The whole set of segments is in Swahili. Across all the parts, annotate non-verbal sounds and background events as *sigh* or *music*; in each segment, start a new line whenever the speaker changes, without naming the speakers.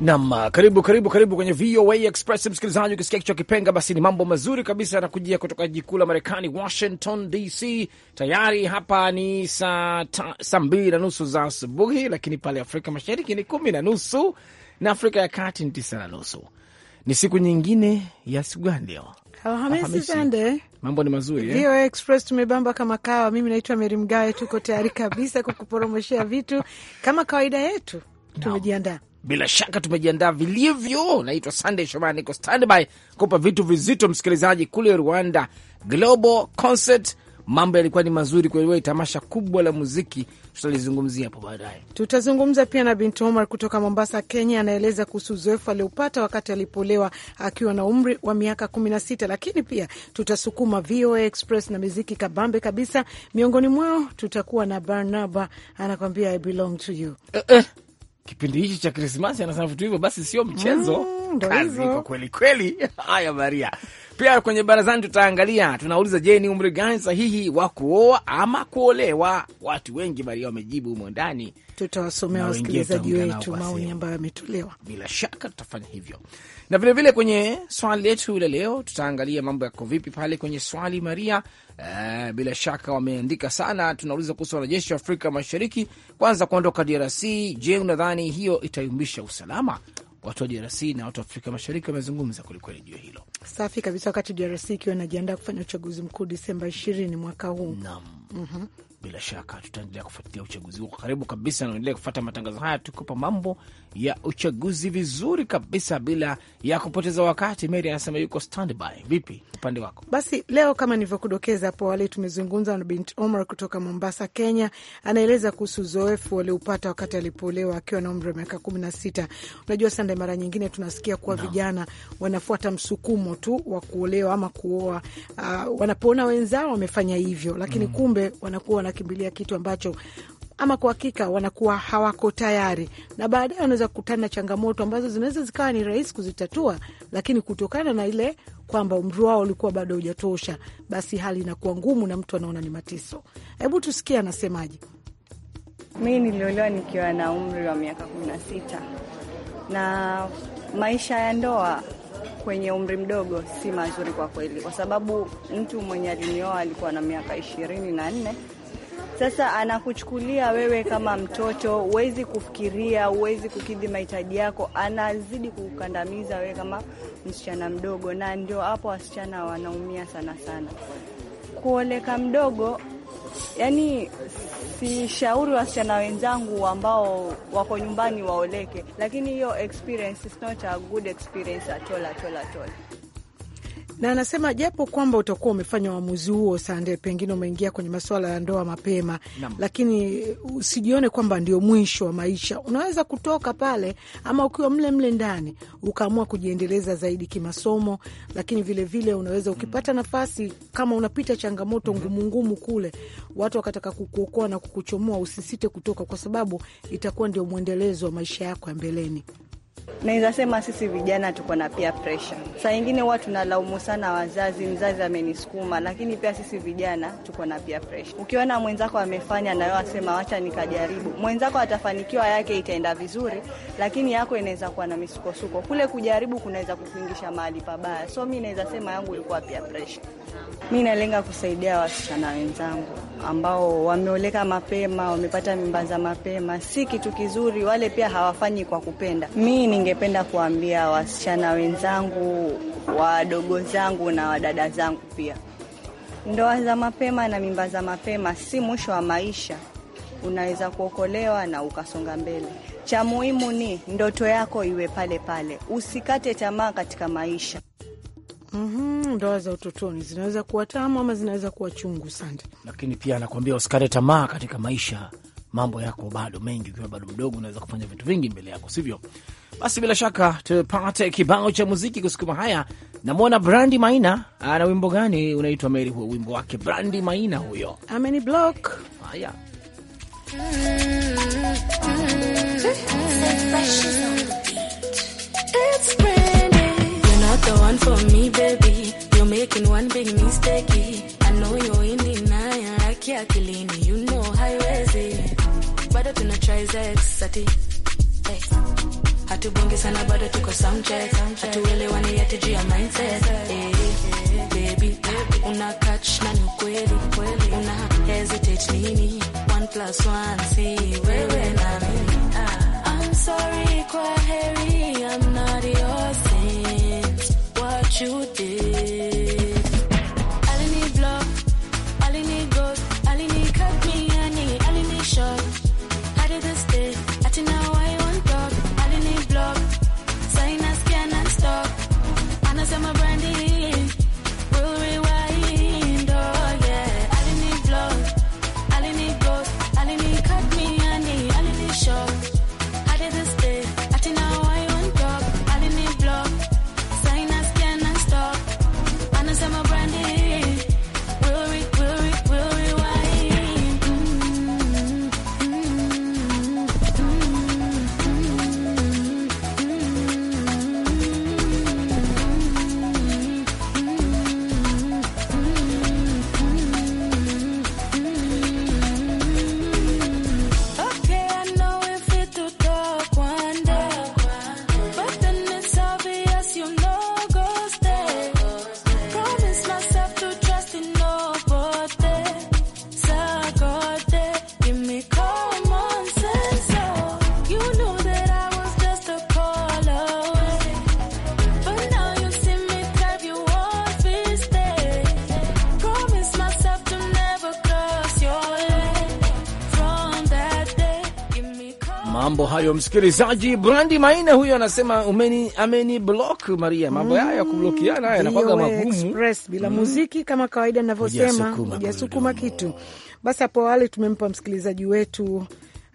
Nam, uh, karibu karibu karibu kwenye VOA Express msikilizaji. Ukisikia kichwa kipenga, basi ni mambo mazuri kabisa yanakujia kutoka jiji kuu la Marekani, Washington DC. Tayari hapa ni saa sa mbili na nusu za asubuhi, lakini pale Afrika Mashariki ni kumi na nusu na Afrika ya Kati ni tisa na nusu. Ni siku nyingine ya siku gani leo?
Alhamisi Sande,
mambo ni mazuri eh?
VOA Express tumebamba kama kawa. Mimi naitwa Meri Mgawe, tuko tayari kabisa kukuporomoshea vitu kama kawaida yetu, tumejiandaa no.
Bila shaka tumejiandaa vilivyo. Naitwa Sunday Shomari, niko standby kupa vitu vizito msikilizaji. Kule Rwanda Global Concert mambo yalikuwa ni mazuri kwelikweli, tamasha kubwa la muziki, tutalizungumzia hapo baadaye. Tutazungumza
pia na Bint Omar kutoka Mombasa, Kenya. Anaeleza kuhusu uzoefu aliopata wakati alipolewa akiwa na umri wa miaka kumi na sita. Lakini pia tutasukuma VOA Express na miziki kabambe kabisa. Miongoni mwao tutakuwa na Barnaba anakwambia I belong to you. uh
-uh kipindi hichi cha Krismasi anasema vitu hivyo, basi sio mchezo. Mm, kazi iko kweli kweli. *laughs* Haya, Maria, pia kwenye barazani tutaangalia, tunauliza, je, ni umri gani sahihi wa kuoa ama kuolewa? Watu wengi Maria wamejibu humo ndani, tutawasomea wasikilizaji wetu maoni
ambayo yametolewa.
Bila shaka tutafanya hivyo na vilevile vile kwenye swali letu la leo tutaangalia mambo yako vipi pale kwenye swali Maria. Uh, bila shaka wameandika sana. Tunauliza kuhusu wanajeshi wa Afrika Mashariki kwanza kuondoka DRC. Je, unadhani hiyo itayumbisha usalama? Watu wa DRC na watu wa Afrika Mashariki wamezungumza kwelikweli juu ya hilo.
Safi kabisa, wakati DRC ikiwa inajiandaa kufanya uchaguzi mkuu Disemba ishirini mwaka huu. Naam. mm -hmm
bila shaka tutaendelea kufuatilia uchaguzi huo karibu kabisa, naendelea kufata matangazo haya tukupa mambo ya uchaguzi vizuri kabisa bila ya kupoteza wakati. Mary anasema yuko standby. Vipi upande wako?
Basi leo kama nilivyokudokeza hapo awali, tumezungumza na Bint Omar kutoka Mombasa, Kenya. Anaeleza kuhusu uzoefu walioupata wakati alipoolewa akiwa na umri wa miaka kumi na sita. Unajua Sande, mara nyingine tunasikia kuwa no. vijana wanafuata msukumo tu wa kuolewa ama kuoa, uh, wanapoona wenzao wamefanya hivyo, lakini mm. kumbe wanakuwa wana wanakimbilia kitu ambacho ama kwa hakika wanakuwa hawako tayari, na baadaye wanaweza kukutana na changamoto ambazo zinaweza zikawa ni rahisi kuzitatua, lakini kutokana na ile kwamba umri wao ulikuwa bado hujatosha, basi hali inakuwa ngumu na mtu anaona ni mateso. Hebu tusikie anasemaje.
Mi niliolewa nikiwa na umri wa miaka kumi na sita na maisha ya ndoa kwenye umri mdogo si mazuri kwa kweli, kwa sababu mtu mwenye alinioa alikuwa na miaka ishirini na nne sasa anakuchukulia wewe kama mtoto, huwezi kufikiria, huwezi kukidhi mahitaji yako, anazidi kukandamiza wewe kama msichana mdogo, na ndio hapo wasichana wanaumia sana sana. Kuoleka mdogo, yani sishauri wasichana wenzangu ambao wako nyumbani waoleke, lakini hiyo experience is not a good experience at all, at all, at all
na anasema japo kwamba utakuwa umefanya uamuzi huo Sande, pengine umeingia kwenye masuala ya ndoa mapema Nam. lakini uh, usijione kwamba ndio mwisho wa maisha. Unaweza kutoka pale, ama ukiwa mle mle ndani ukaamua kujiendeleza zaidi kimasomo, lakini vilevile vile unaweza ukipata mm. nafasi, kama unapita changamoto ngumungumu mm-hmm. mm. kule, watu wakataka kukuokoa na kukuchomoa, usisite kutoka, kwa sababu itakuwa ndio mwendelezo wa maisha yako ya mbeleni.
Naweza sema sisi vijana tuko na pia presha. Saa ingine huwa tunalaumu sana wazazi, mzazi amenisukuma, lakini pia sisi vijana tuko na pia presha. Ukiona mwenzako amefanya na wewe asema wacha nikajaribu, mwenzako atafanikiwa, yake itaenda vizuri, lakini yako inaweza kuwa na misukosuko. Kule kujaribu kunaweza kukuingisha mahali pabaya, so mi naweza sema yangu ilikuwa pia presha. Mi nalenga kusaidia wasichana wenzangu ambao wameoleka mapema, wamepata mimba za mapema, si kitu kizuri. Wale pia hawafanyi kwa kupenda. Mi ningependa kuambia wasichana wenzangu, wadogo zangu na wadada zangu pia, ndoa za mapema na mimba za mapema si mwisho wa maisha. Unaweza kuokolewa na ukasonga mbele. Cha muhimu ni ndoto yako iwe pale pale, usikate tamaa katika maisha.
Mm -hmm, ndoa za utotoni zinaweza kuwa tamu ama zinaweza kuwa chungu. Sante,
lakini pia anakuambia usikate tamaa katika maisha, mambo yako bado mengi. Ukiwa bado mdogo, unaweza kufanya vitu vingi mbele yako, sivyo? Basi bila shaka tupate kibao cha muziki kusukuma haya. Namwona Brandi Maina ana wimbo gani unaitwa Meri? Huo wimbo wake Brandi Maina huyo,
ameni block haya mm -hmm
not the one for me, baby. You're making one big mistake. I know you're in denial, haki akilini, you know haiwezi. Bado tuna try sex, ati. Hey. Hatubongi sana bado tuko soundcheck. Hatuelewani ati juu ya mindset. Hey. Eh, baby, baby. Una catch na ni ukweli. Una hesitate nini? One plus one, si wewe na mimi. Ah, I'm sorry, kwa heri, I'm not yours. you did.
hayo, msikilizaji. Brandi Maina huyo anasema umeni, ameni block Maria. Mambo mm. haya ya kublokiana haya magumu
express bila mm, muziki kama kawaida ninavyosema, hujasukuma kitu. Basi hapo wale tumempa msikilizaji wetu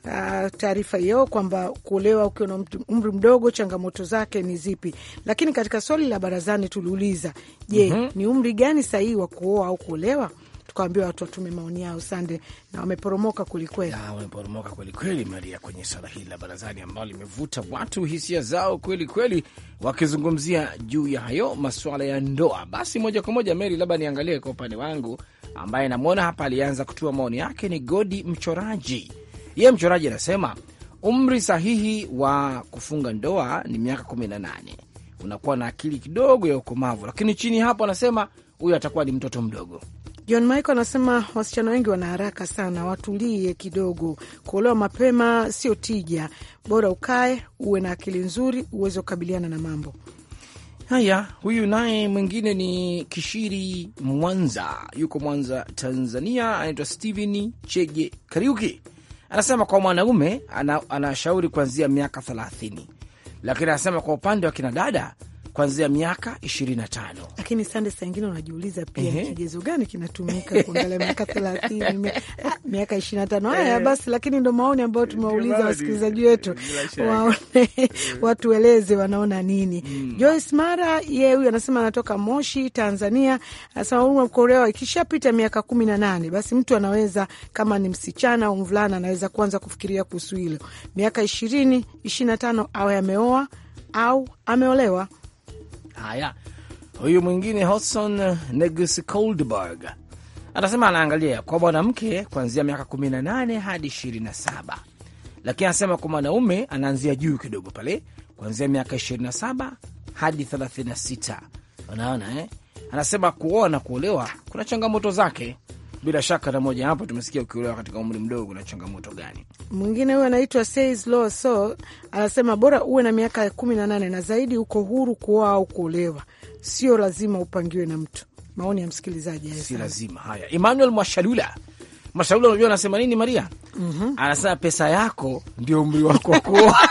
Uh, taarifa hiyo kwamba kuolewa ukiwa na umri mdogo changamoto zake ni zipi, lakini katika swali la barazani tuliuliza, je, mm -hmm. ni umri gani sahihi wa kuoa au kuolewa? tukawambia watu watume maoni yao Sande, na wameporomoka kwelikweli,
wameporomoka kwelikweli, Maria, kwenye swala hili la barazani ambalo limevuta watu hisia zao kwelikweli, wakizungumzia juu ya hayo masuala ya ndoa. Basi moja kwa moja, Meri, labda niangalie kwa upande wangu, ambaye namwona hapa alianza kutua maoni yake ni Godi Mchoraji. Yeye mchoraji anasema umri sahihi wa kufunga ndoa ni miaka kumi na nane. Unakuwa na akili kidogo ya ukomavu, lakini chini hapo anasema huyo atakuwa ni mtoto mdogo. John Michael anasema wasichana
wengi wana haraka sana, watulie kidogo. Kuolewa mapema sio tija, bora ukae uwe na akili nzuri uweze kukabiliana na mambo
haya. Huyu naye mwingine ni Kishiri Mwanza, yuko Mwanza Tanzania, anaitwa Steven Chege Kariuki. Anasema kwa mwanaume anashauri ana kuanzia miaka thelathini, lakini anasema kwa upande wa kinadada kuanzia miaka ishirini na tano.
Lakini sande, saa ingine unajiuliza pia ni kigezo gani kinatumika kuangalia miaka thelathini, *laughs* ah, miaka na tano? Haya basi, lakini ndo maoni ambayo tumewauliza wasikilizaji wetu waone, watueleze wanaona nini. Hmm. Joyce Mara ye huyu anasema anatoka Moshi, Tanzania, anasema huruma kuolewa ikishapita miaka kumi na nane basi mtu anaweza kama ni msichana au mvulana anaweza kuanza kufikiria kuhusu hilo. Miaka ishirini, ishirini na tano awe ameoa au ameolewa.
Haya, huyu mwingine hoson Negus Coldberg anasema anaangalia kwa mwanamke kuanzia miaka 18 hadi 27, lakini anasema kwa mwanaume anaanzia juu kidogo pale kuanzia miaka 27 hadi 36. Unaona eh? Anasema kuoa na kuolewa kuna changamoto zake, bila shaka na moja hapo tumesikia ukiolewa katika umri mdogo na changamoto gani.
Mwingine huyo anaitwa Says Law So anasema bora uwe na miaka kumi na nane na zaidi, uko huru kuoa au kuolewa, sio lazima upangiwe na mtu. Maoni ya msikilizaji ya si lazima haya.
Emmanuel Mwashalula Mashaula, unajua anasema nini Maria? mm -hmm. Anasema pesa yako ndio umri wako *laughs* kuoa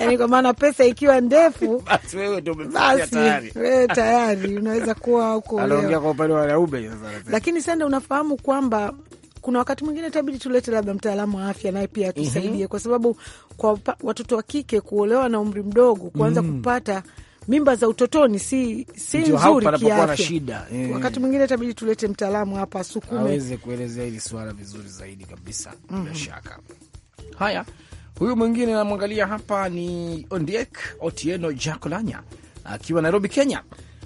yani kwa maana pesa ikiwa ndefu *laughs*
basi wewe ndio umefikia tayari, wewe
tayari unaweza kuwa huko. Anaongea kwa
upande wa wanaume sasa,
lakini sasa unafahamu kwamba kuna wakati mwingine tabidi tulete labda mtaalamu wa afya naye pia atusaidie, mm -hmm. kwa sababu kwa watoto wa kike kuolewa na umri mdogo, kuanza mm -hmm. kupata mimba za utotoni si, si nzuri kiafya. E, wakati mwingine itabidi tulete mtaalamu hapa asukume aweze
kuelezea hili swala vizuri zaidi kabisa, bila mm -hmm. shaka. Haya. Huyu mwingine namwangalia hapa ni Ondiek Otieno Jakolanya akiwa Nairobi, Kenya.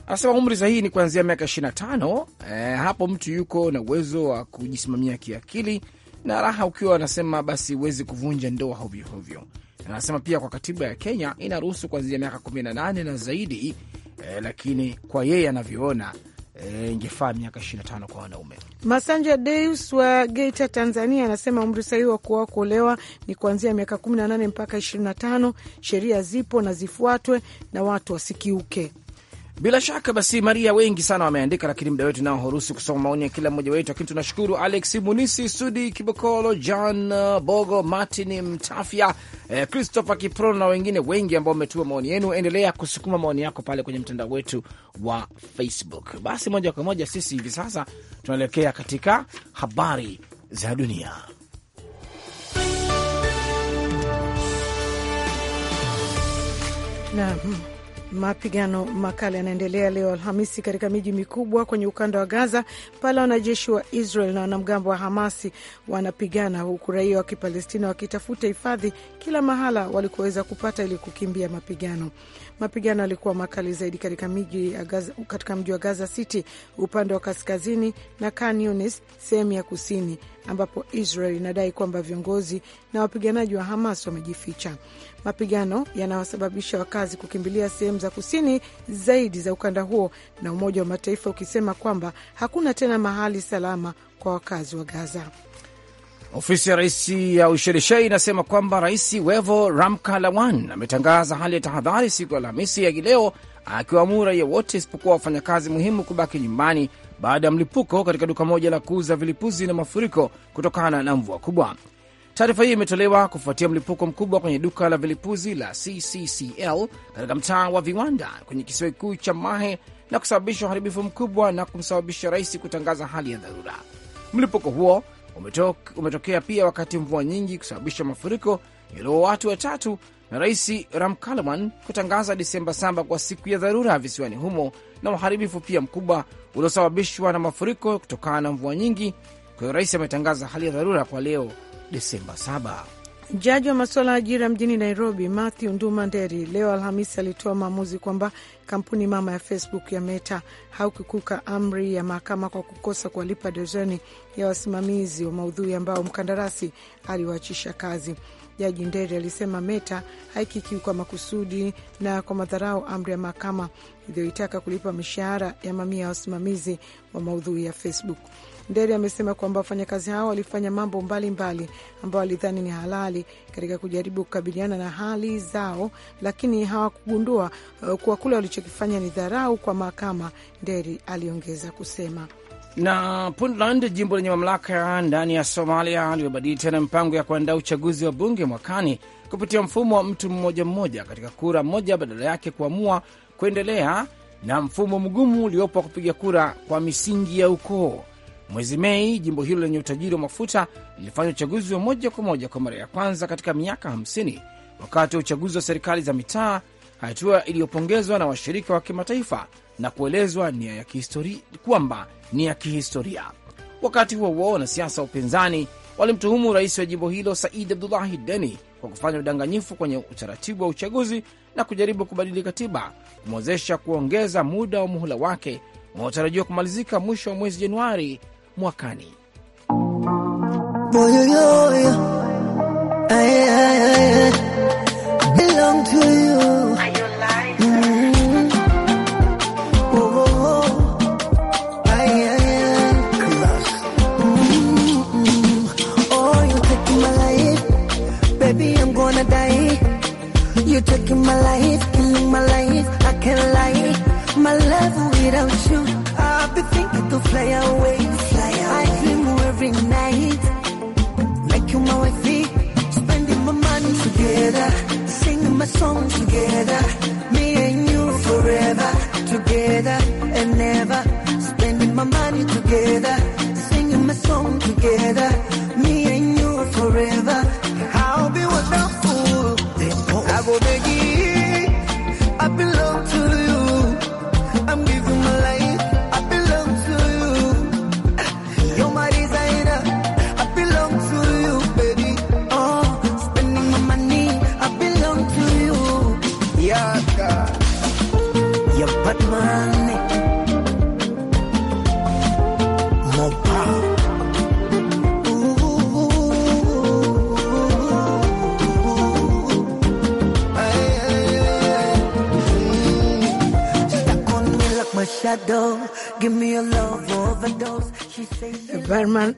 Anasema umri sahihi ni kuanzia miaka 25. E, eh, hapo mtu yuko na uwezo wa kujisimamia kiakili na raha. Ukiwa anasema basi huwezi kuvunja ndoa hovyo hovyo. Anasema pia kwa katiba ya Kenya inaruhusu kuanzia miaka 18 na zaidi. E, lakini kwa yeye anavyoona e, ingefaa miaka 25 kwa wanaume.
Masanja Deus wa Geita, Tanzania anasema umri sahihi wa kuoa kuolewa ni kuanzia miaka 18 mpaka 25. Sheria zipo na zifuatwe na watu wasikiuke.
Bila shaka basi, Maria, wengi sana wameandika, lakini muda wetu nao huruhusu kusoma maoni ya kila mmoja wetu, lakini tunashukuru Alex Munisi, Sudi Kibokolo, John Bogo, Martin Mtafya, eh, Christopher Kiprono na wengine wengi ambao wametuma maoni yenu. Endelea kusukuma maoni yako pale kwenye mtandao wetu wa Facebook. Basi moja kwa moja sisi hivi sasa tunaelekea katika habari za dunia.
Naam. Mapigano makali yanaendelea leo Alhamisi katika miji mikubwa kwenye ukanda wa Gaza, pale wanajeshi wa Israel na wanamgambo wa Hamasi wanapigana, huku raia wa Kipalestina wakitafuta hifadhi kila mahala walikoweza kupata ili kukimbia mapigano. Mapigano yalikuwa makali zaidi katika mji wa Gaza City upande wa kaskazini na Khan sehemu ya kusini ambapo Israel inadai kwamba viongozi na wapiganaji wa Hamas wamejificha. Mapigano yanawasababisha wakazi kukimbilia sehemu za kusini zaidi za ukanda huo, na Umoja wa Mataifa ukisema kwamba hakuna tena mahali salama kwa wakazi wa Gaza.
Ofisi ya rais ya Ushelisheli inasema kwamba rais Wevo Ramkalawan ametangaza hali ya tahadhari siku ya Alhamisi ya leo, akiwaamuru raia wote isipokuwa wafanyakazi muhimu kubaki nyumbani baada ya mlipuko katika duka moja la kuuza vilipuzi na mafuriko kutokana na mvua kubwa. Taarifa hii imetolewa kufuatia mlipuko mkubwa kwenye duka la vilipuzi la CCCL katika mtaa wa viwanda kwenye kisiwa kikuu cha Mahe na kusababisha uharibifu mkubwa na kumsababisha rais kutangaza hali ya dharura. Mlipuko huo umetokea pia wakati mvua nyingi kusababisha mafuriko yaliowa watu watatu na Rais Ramkalman kutangaza Disemba saba kwa siku ya dharura visiwani humo na uharibifu pia mkubwa uliosababishwa na mafuriko kutokana na mvua nyingi. Kwa hiyo rais ametangaza hali ya dharura kwa leo Disemba saba. Jaji wa masuala ya ajira
mjini Nairobi, Matthew Nduma Nderi, leo Alhamisi alitoa maamuzi kwamba kampuni mama ya Facebook ya Meta haukikuka amri ya mahakama kwa kukosa kuwalipa dozeni ya wasimamizi wa maudhui ambao mkandarasi aliwaachisha kazi. Jaji Nderi alisema Meta haikikiuka makusudi na kwa madharau amri ya mahakama iliyoitaka kulipa mishahara ya mamia ya wasimamizi wa maudhui ya Facebook. Nderi amesema kwamba wafanyakazi hao walifanya mambo mbalimbali ambayo walidhani ni halali katika kujaribu kukabiliana na hali zao, lakini hawakugundua uh, kuwa kule walichokifanya ni dharau kwa mahakama, Nderi aliongeza kusema.
Na Puntland, jimbo lenye mamlaka ndani ya Somalia, limebadili tena mipango ya kuandaa uchaguzi wa bunge mwakani kupitia mfumo wa mtu mmoja mmoja katika kura moja, badala yake kuamua kuendelea na mfumo mgumu uliopo wa kupiga kura kwa misingi ya ukoo. Mwezi Mei, jimbo hilo lenye utajiri wa mafuta lilifanya uchaguzi wa moja kwa moja kwa mara ya kwanza katika miaka 50 wakati wa uchaguzi wa serikali za mitaa, hatua iliyopongezwa na washirika wa kimataifa na kuelezwa kwamba ni ya kihistoria. Wakati huo huo, wanasiasa wa upinzani walimtuhumu rais wa jimbo hilo Said Abdullahi Deni kwa kufanya udanganyifu kwenye utaratibu wa uchaguzi na kujaribu kubadili katiba kumwezesha kuongeza muda wa muhula wake unaotarajiwa kumalizika mwisho wa mwezi Januari mwakani.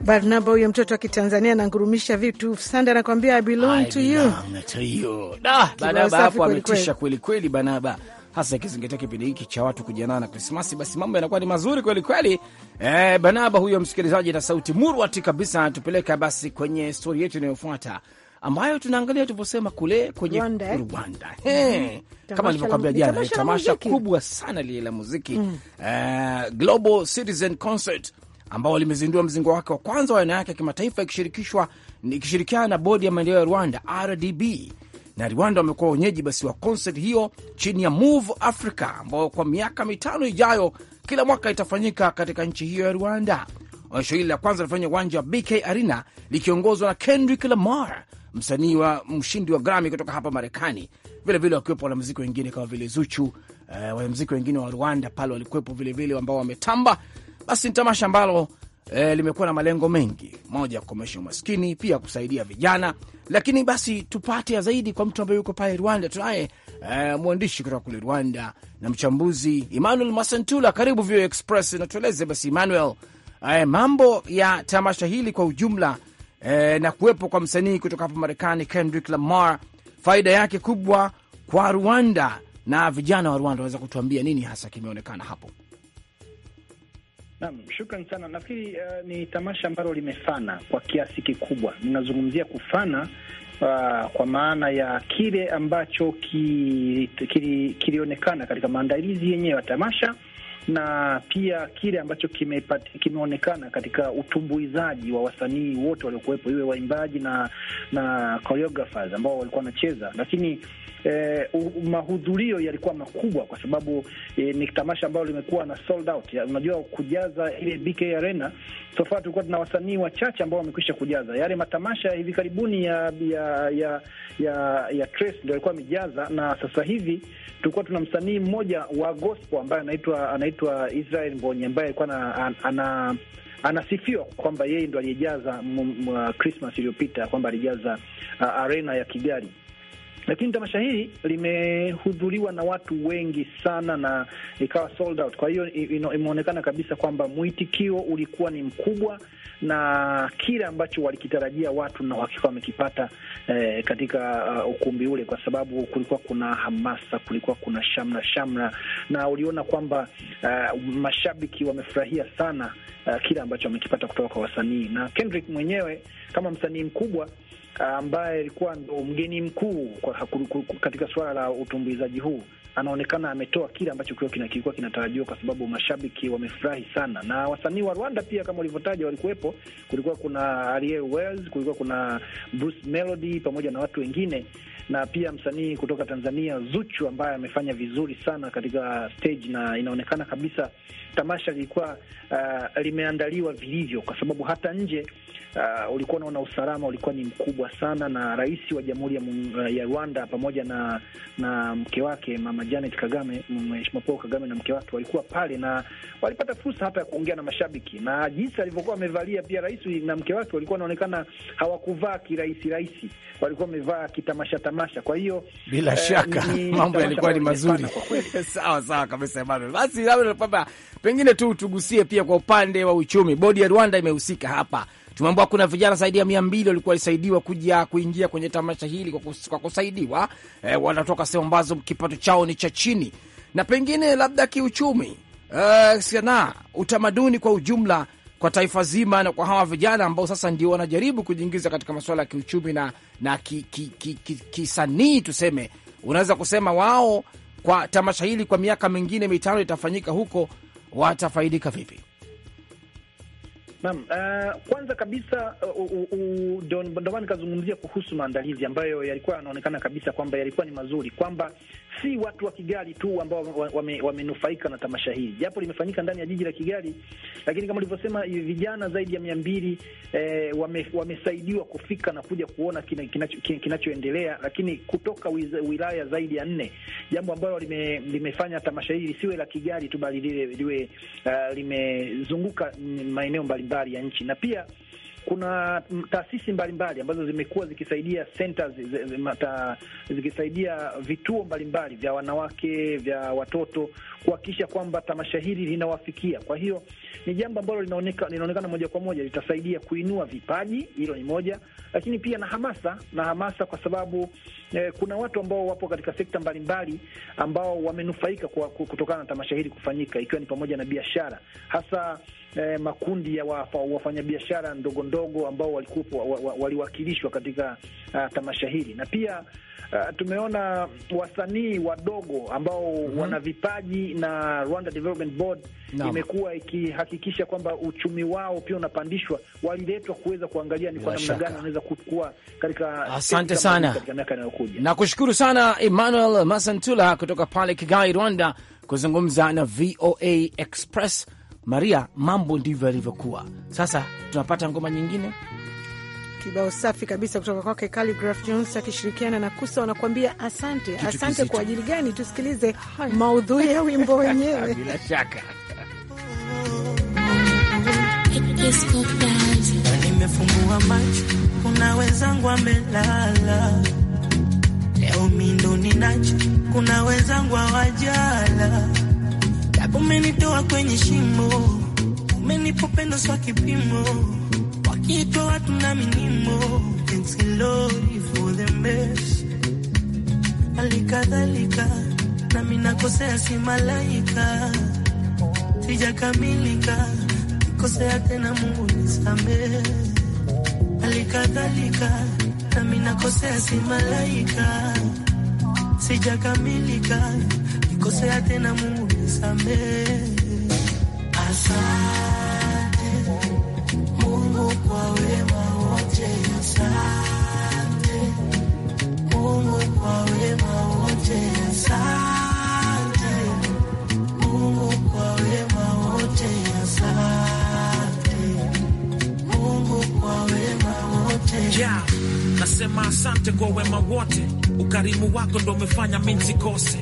Barnaba huyo mtoto wa Kitanzania anangurumisha vitu. sanda, anakwambia I belong to you.
Barnaba hapo ametisha kweli kweli, Barnaba hasa ikizingatia kipindi hiki cha watu kujiandaa na Krismasi, basi mambo yanakuwa ni mazuri kweli kweli. Eh, Barnaba huyo msikilizaji na sauti murwati kabisa anatupeleka basi kwenye stori yetu inayofuata ambayo tunaangalia tulivyosema kule kwenye Rwanda, eh? Rwanda. Hey. Hmm. Eh, kama nilivyokwambia jana, ni tamasha kubwa sana lile la muziki mm. Uh, Global Citizen Concert ambao limezindua mzingo wake wa kwanza wa aina yake ya kimataifa ikishirikiana na bodi ya maendeleo ya Rwanda RDB na Rwanda wamekuwa wenyeji basi wa konsert hiyo chini ya Move Africa ambayo kwa miaka mitano ijayo kila mwaka itafanyika katika nchi hiyo ya Rwanda. Onyesho hili la kwanza linafanya uwanja wa BK Arena likiongozwa na Kendrick Lamar, msanii wa mshindi wa Grammy kutoka hapa Marekani. Vilevile wakiwepo wanamuziki wengine kama vile Zuchu, uh, wanamuziki wengine wa Rwanda pale walikuwepo vilevile ambao wametamba basi ni tamasha ambalo e, limekuwa na malengo mengi, moja kukomesha umaskini, pia kusaidia vijana. Lakini basi tupate zaidi kwa mtu ambaye yuko pale Rwanda. Tunaye e, mwandishi kutoka kule Rwanda na mchambuzi Emmanuel Masantula. Karibu Vio Express, natueleze basi Emmanuel, e, mambo ya tamasha hili kwa ujumla e, na kuwepo kwa msanii kutoka hapa Marekani Kendrick Lamar, faida yake kubwa kwa Rwanda na vijana wa Rwanda, waweza kutuambia nini hasa kimeonekana
hapo? Naam, shukran sana. Nafikiri uh, ni tamasha ambalo limefana kwa kiasi kikubwa. Ninazungumzia kufana uh, kwa maana ya kile ambacho kilionekana ki, ki, katika maandalizi yenyewe ya tamasha na pia kile ambacho kimeonekana katika utumbuizaji wa wasanii wote waliokuwepo, iwe waimbaji na na choreographers ambao walikuwa wanacheza, lakini eh, mahudhurio yalikuwa makubwa kwa sababu eh, ni tamasha ambalo limekuwa na sold out. Unajua, kujaza ile BK Arena so tulikuwa tuna wasanii wachache ambao wamekwisha kujaza yale matamasha. Hivi karibuni ya ya ya ya, ya Trace ndio alikuwa amejaza, na sasa hivi tulikuwa tuna msanii mmoja wa gospel ambaye anaitwa anaitwa anaitwa Israel Mbonyi ambaye alikuwa ana, anasifiwa kwamba yeye ndo aliyejaza Christmas iliyopita kwamba alijaza uh, arena ya Kigali lakini tamasha hili limehudhuriwa na watu wengi sana na ikawa sold out. Kwa hiyo imeonekana kabisa kwamba mwitikio ulikuwa ni mkubwa na kile ambacho walikitarajia watu na uhakika wamekipata eh, katika uh, ukumbi ule, kwa sababu kulikuwa kuna hamasa, kulikuwa kuna shamra shamra, na uliona kwamba uh, mashabiki wamefurahia sana uh, kile ambacho wamekipata kutoka kwa wasanii na Kendrick mwenyewe kama msanii mkubwa ambaye alikuwa ndo mgeni mkuu katika suala la utumbuizaji huu anaonekana ametoa kile ambacho kilikuwa kinatarajiwa, kwa sababu mashabiki wamefurahi sana, na wasanii wa Rwanda pia kama ulivyotaja walikuwepo. Kulikuwa kuna Ariel Wells, kulikuwa kuna Bruce Melody pamoja na watu wengine, na pia msanii kutoka Tanzania Zuchu ambaye amefanya vizuri sana katika stage, na inaonekana kabisa tamasha lilikuwa uh, limeandaliwa vilivyo, kwa sababu hata nje uh, ulikuwa unaona usalama ulikuwa ni mkubwa sana, na rais wa Jamhuri ya, uh, ya Rwanda pamoja na na mke wake Mama Janet Kagame, Mheshimiwa Paul Kagame na mke wake walikuwa pale na walipata fursa hata ya kuongea na mashabiki, na jinsi alivyokuwa amevalia pia rais na mke wake walikuwa wanaonekana hawakuvaa kirahisi rahisi, walikuwa wamevaa kitamasha tamasha. Kwa hiyo bila eh, shaka *laughs* mambo yalikuwa ni mazuri *laughs*
sawa sawa kabisa. Basi labda pengine tu tugusie pia kwa upande wa uchumi, bodi ya Rwanda imehusika hapa Tumeambiwa kuna vijana zaidi ya mia mbili walikuwa walisaidiwa kuja kuingia kwenye tamasha hili kwa, kusaidiwa e, wanatoka sehemu ambazo kipato chao ni cha chini na pengine labda kiuchumi e, eh, sanaa, utamaduni kwa ujumla kwa taifa zima na kwa hawa vijana ambao sasa ndio wanajaribu kujiingiza katika masuala ya kiuchumi na, na kisanii ki, ki, ki, ki tuseme, unaweza kusema wao kwa tamasha hili kwa miaka mingine mitano itafanyika huko, watafaidika vipi?
Naam, uh, kwanza kabisa eh, ndo maana nikazungumzia kuhusu maandalizi ambayo yalikuwa yanaonekana kabisa kwamba yalikuwa ni mazuri, kwamba si watu wa Kigali tu ambao wamenufaika wame na tamasha hili, japo limefanyika ndani ya jiji la Kigali, lakini kama ulivyosema, vijana zaidi ya mia mbili eh, wamesaidiwa kufika na kuja kuona kinachoendelea kina, kina, kina lakini kutoka wilaya zaidi ya nne, jambo ambalo lime, limefanya tamasha hili lisiwe la Kigali tu bali liwe uh, limezunguka maeneo mbalimbali mbalimbali ya nchi, na pia kuna taasisi mbalimbali ambazo zimekuwa zikisaidia centers, zikisaidia vituo mbalimbali vya wanawake vya watoto kuhakikisha kwamba tamasha hili linawafikia. Kwa hiyo ni jambo ambalo linaonekana linaonekana moja kwa moja litasaidia kuinua vipaji, hilo ni moja, lakini pia na hamasa na hamasa, kwa sababu eh, kuna watu ambao wapo katika sekta mbalimbali ambao wamenufaika kwa kutokana na tamasha hili kufanyika, ikiwa ni pamoja na biashara hasa eh, makundi ya wafanyabiashara ndogo ndogo ambao walikuwa waliwakilishwa katika uh, tamasha hili, na pia uh, tumeona wasanii wadogo ambao mm -hmm. wana vipaji na Rwanda Development Board no. imekuwa ikihakikisha kwamba uchumi wao pia unapandishwa. Waliletwa kuweza kuangalia ni kwa namna gani wanaweza kukua katika asante sana katika miaka inayokuja.
Nakushukuru sana Emmanuel Masantula kutoka pale Kigali, Rwanda, kuzungumza na VOA Express Maria, mambo ndivyo yalivyokuwa. Sasa tunapata ngoma nyingine
kibao safi kabisa kutoka kwake Khaligraph Jones akishirikiana na Kusa wanakuambia asante. Kitu asante Kwa ajili gani? Tusikilize maudhui ya *laughs* wimbo wenyewe bila
shaka nimefungua macho, kuna wenzangu leo, mindo ninacho, kuna wenzangu umenitoa kwenye shimo, umenipopenda swa kipimo, wakiitwa watu na minimo, thanks Lord for the best. Alikadhalika nami nakosea, si malaika, sijakamilika, nikosea tena, Mungu nisamehe. Alikadhalika nami nakosea, si malaika, sijakamilika, nikosea tena, Mungu unisamehe.
nasema asante kwa wema wote Ukarimu wako ndo umefanya mimi kose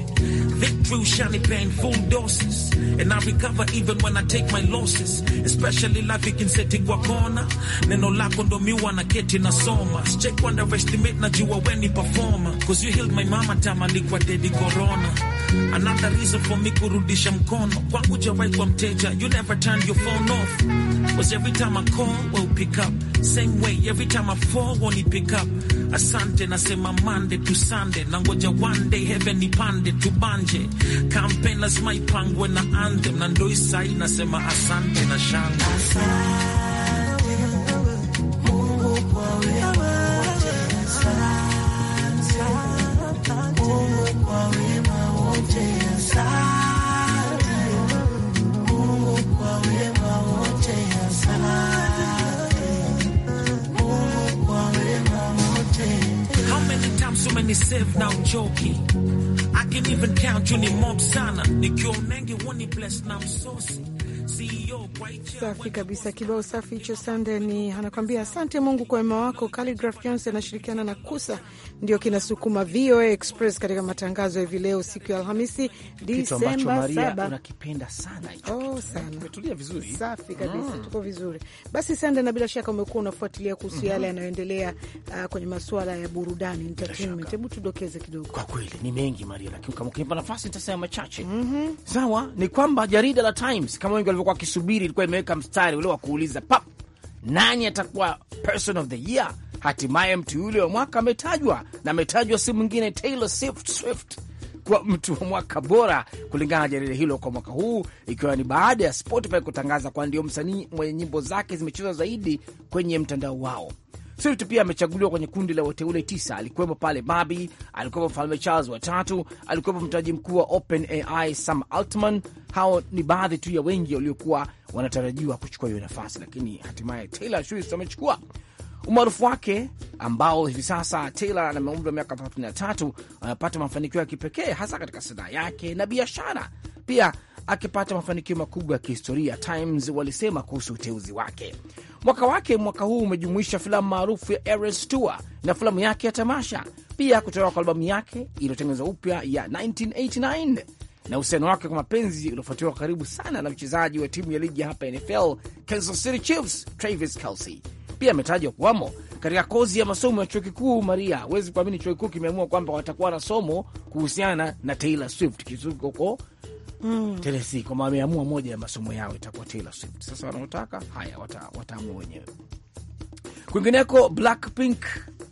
victory, ushani in full doses and I recover even when I take my losses, especially life ikiniseti kwa kona. Neno lako ndo miwa na keti na soma, sicheki underestimate na jua weni performer, cause you healed my mama time alikuwa dedi corona Another reason for me kurudisha mkono kwangu jawai kwa mteja. You never turn your phone off. Was every time I call, well pick up. Same way, every time I fall, won't pick up. Asante nasema Monday to Sunday na ngoja one day heaven ipande tubanje. Campaign lazima ipangwe na anthem na ndo isai nasema asante na shangwe. Asante Mungu kwa
wewe. save na
uchoki. I can even count you ni mob sana. Nikiwa mengi woni bless na msosi. See
Safi kabisa, kibao safi hicho. Sande ni anakwambia asante Mungu kwa wema wako. Khaligraph Jones anashirikiana na Kusa, ndio kinasukuma VOA Express katika matangazo hivi leo, siku ya Alhamisi Disemba saba. Oh, safi mm. kabisa mm. Tuko vizuri basi, Sande, na bila shaka umekuwa unafuatilia kuhusu mm -hmm. yale yanayoendelea uh, kwenye masuala ya burudani entertainment. Hebu tudokeze
kidogo. Kwa kweli ni mengi Maria, lakini kama ukimpa nafasi nitasema machache. mm -hmm. Sawa, ni kwamba jarida la Times kama wengi walivyokuwa kuisubiri ilikuwa imeweka mstari ule wa kuuliza pap, nani atakuwa person of the year? Hatimaye mtu yule wa mwaka ametajwa, na ametajwa si mwingine Taylor Swift, Swift kuwa mtu wa mwaka bora kulingana na jarida hilo kwa mwaka huu, ikiwa ni baada ya Spotify kutangaza kwa ndio msanii mwenye nyimbo zake zimechezwa zaidi kwenye mtandao wao. Swift pia amechaguliwa kwenye kundi la wateule tisa. Alikuwepo pale Babi, alikuwepo mfalme Charles watatu, alikuwepo mtaji mkuu wa OpenAI Sam Altman. Hao ni baadhi tu ya wengi waliokuwa wanatarajiwa kuchukua hiyo nafasi, lakini hatimaye Taylor Swift amechukua umaarufu wake ambao hivi sasa Taylor ana umri wa miaka 33, anapata mafanikio ya kipekee hasa katika sanaa yake na biashara. Pia akipata mafanikio makubwa ya kihistoria, Times walisema kuhusu uteuzi wake. Mwaka wake mwaka huu umejumuisha filamu maarufu ya Eras Tour na filamu yake ya tamasha, pia kutolewa kwa albamu yake iliyotengenezwa upya ya 1989 na uhusiano wake kwa mapenzi uliofuatiwa kwa karibu sana na mchezaji wa timu ya ligi ya hapa NFL Kansas City Chiefs, Travis Kelce. Pia ametajwa kuwamo katika kozi ya masomo ya chuo kikuu Maria. Huwezi kuamini chuo kikuu kimeamua kwamba watakuwa na somo kuhusiana na Taylor Swift, kizuko huko
mm. TLC
kwamba wameamua moja ya masomo yao itakuwa Taylor Swift. Sasa wanaotaka haya wataamua wata wenyewe. Kwingineko, Blackpink,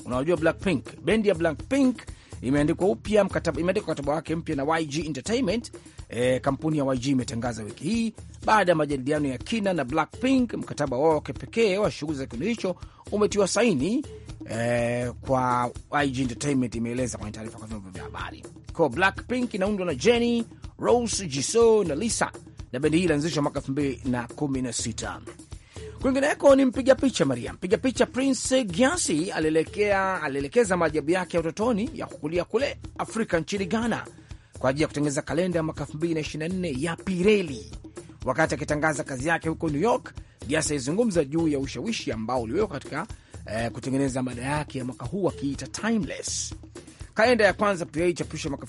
unawajua Blackpink, bendi ya Blackpink imeandikwa upya mkataba, imeandikwa mkataba wake mpya na YG Entertainment. E, kampuni ya YG imetangaza wiki hii baada ya majadiliano ya kina na Blackpink, mkataba wao wa kipekee wa shughuli za kikundi hicho umetiwa saini e, kwa YG Entertainment, imeeleza kwenye taarifa kwa vyombo vya habari. Kwa Blackpink inaundwa na Jennie Rose Jiso na Lisa, na bendi hii ilianzishwa mwaka 2016. Kwingineko ni mpiga picha Maria, mpiga picha Prince alielekea alielekeza maajabu yake ya utotoni ya kukulia kule Afrika nchini Ghana kwa ajili ya kutengeneza kalenda ya mwaka 2024 ya Pirelli. Wakati akitangaza kazi yake huko New York, Gyasi alizungumza juu ya ushawishi ambao uliwekwa katika eh, kutengeneza mada yake ya mwaka huu akiita timeless. Kalenda ya kwanza Pirelli ilichapishwa mwaka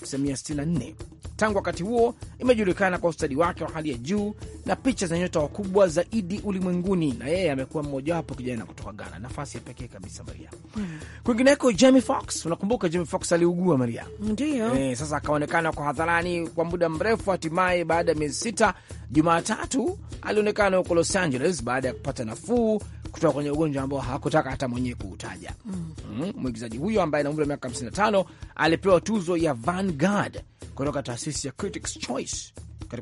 Tangu wakati huo imejulikana kwa ustadi wake wa hali ya juu na picha za nyota wakubwa zaidi ulimwenguni, na yeye amekuwa mmojawapo kijana kutoka Ghana, nafasi ya pekee kabisa Maria. Hmm. Kwingineko, Jamie Foxx, unakumbuka Jamie Foxx aliugua Maria, ndio E, sasa akaonekana kwa hadharani kwa muda mrefu, hatimaye baada ya miezi sita Jumatatu alionekana huko Los Angeles baada ya kupata nafuu kutoka kwenye ugonjwa ambao hakutaka hata mwenyewe kuutaja. Mwigizaji mm. mm, huyo ambaye ana umri wa miaka 55 alipewa tuzo ya Vanguard kutoka taasisi ya Critics Choice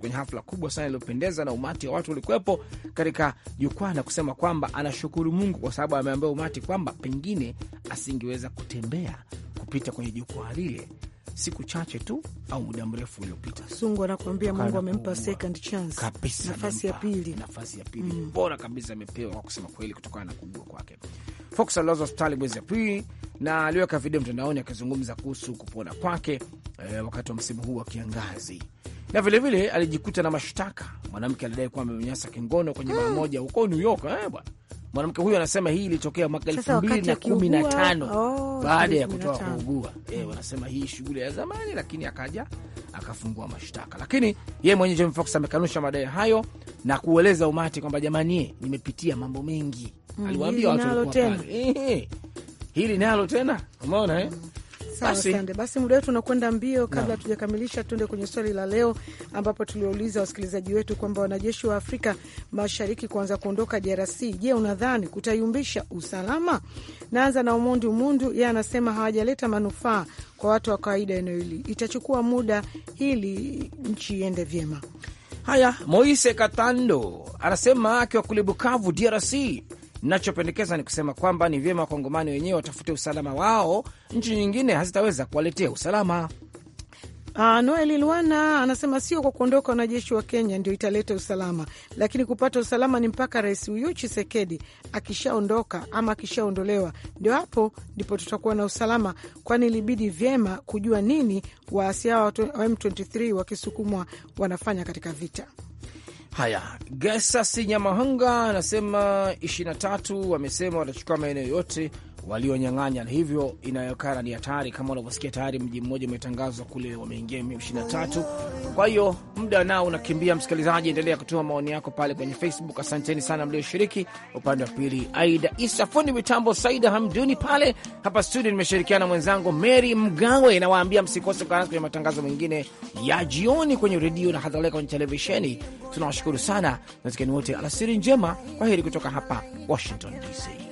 kwenye hafla kubwa sana iliyopendeza na umati wa watu ulikuwepo katika jukwaa na kusema kwamba anashukuru Mungu kwa sababu ameambia umati kwamba pengine asingeweza kutembea kupita kwenye jukwaa lile siku chache tu au muda mrefu uliopita.
Sungu anakuambia Mungu amempa second chance kabisa, nafasi ya
pili, nafasi ya pili mm, bora kabisa amepewa kwa kusema kweli, kutokana na kuugua kwake. Fox alilazwa hospitali mwezi Aprili na aliweka video mtandaoni akizungumza kuhusu kupona kwake e, wakati wa msimu huu wa kiangazi na vilevile vile, alijikuta na mashtaka. Mwanamke alidai kuwa amemnyanyasa kingono kwenye ah. baa moja huko New York eh, bwana Mwanamke huyu anasema hii ilitokea mwaka elfu mbili na kumi na tano oh, baada ya kutoka kuugua. E, wanasema hii shughuli ya zamani, lakini akaja akafungua mashtaka. Lakini yeye mwenyewe Jamie Foxx amekanusha madai hayo na kueleza umati kwamba jamani, eh, nimepitia mambo mengi, mm, aliwaambia watu eh, hili nalo tena, umeona eh? Ah, Sawa, asante.
Basi muda wetu unakwenda mbio. Kabla hatujakamilisha, tuende kwenye swali la leo, ambapo tuliwauliza wasikilizaji wetu kwamba wanajeshi wa Afrika Mashariki kuanza kuondoka DRC, je, unadhani kutayumbisha usalama? Naanza na Umundu Mundu, yeye anasema hawajaleta manufaa kwa watu wa kawaida eneo hili, itachukua muda ili nchi iende vyema.
Haya, Moise Katando anasema akiwa kule Bukavu, DRC Nachopendekeza ni kusema kwamba ni vyema wakongomani wenyewe watafute usalama wao, nchi nyingine hazitaweza kuwaletea usalama. Uh, Noel Lwana anasema sio kwa kuondoka wanajeshi wa Kenya ndio italeta
usalama, lakini kupata usalama ni mpaka rais huyu Chisekedi akishaondoka ama akishaondolewa, ndio hapo ndipo tutakuwa na usalama, kwani ilibidi vyema kujua nini waasi hawa wa M23 wakisukumwa wanafanya katika vita.
Haya, Gesa Nyamahanga anasema 23 wamesema watachukua maeneo yote walionyang'anya, na hivyo inayokana ni hatari. Kama unavyosikia tayari mji mmoja umetangazwa kule, wameingia ishirini na Kwa hiyo muda nao unakimbia. Msikilizaji, endelea kutuma maoni yako pale kwenye Facebook. Asanteni sana mlioshiriki. Upande wa pili, Aida Isa fundi mitambo, Saida Hamduni pale hapa studio, nimeshirikiana mwenzangu Mary Mgawe. Nawaambia msikose kukaa nasi kwenye matangazo mengine ya jioni kwenye redio na hadhalika kwenye televisheni. Tunawashukuru sana na wote, alasiri njema. Kwa heri kutoka hapa Washington DC.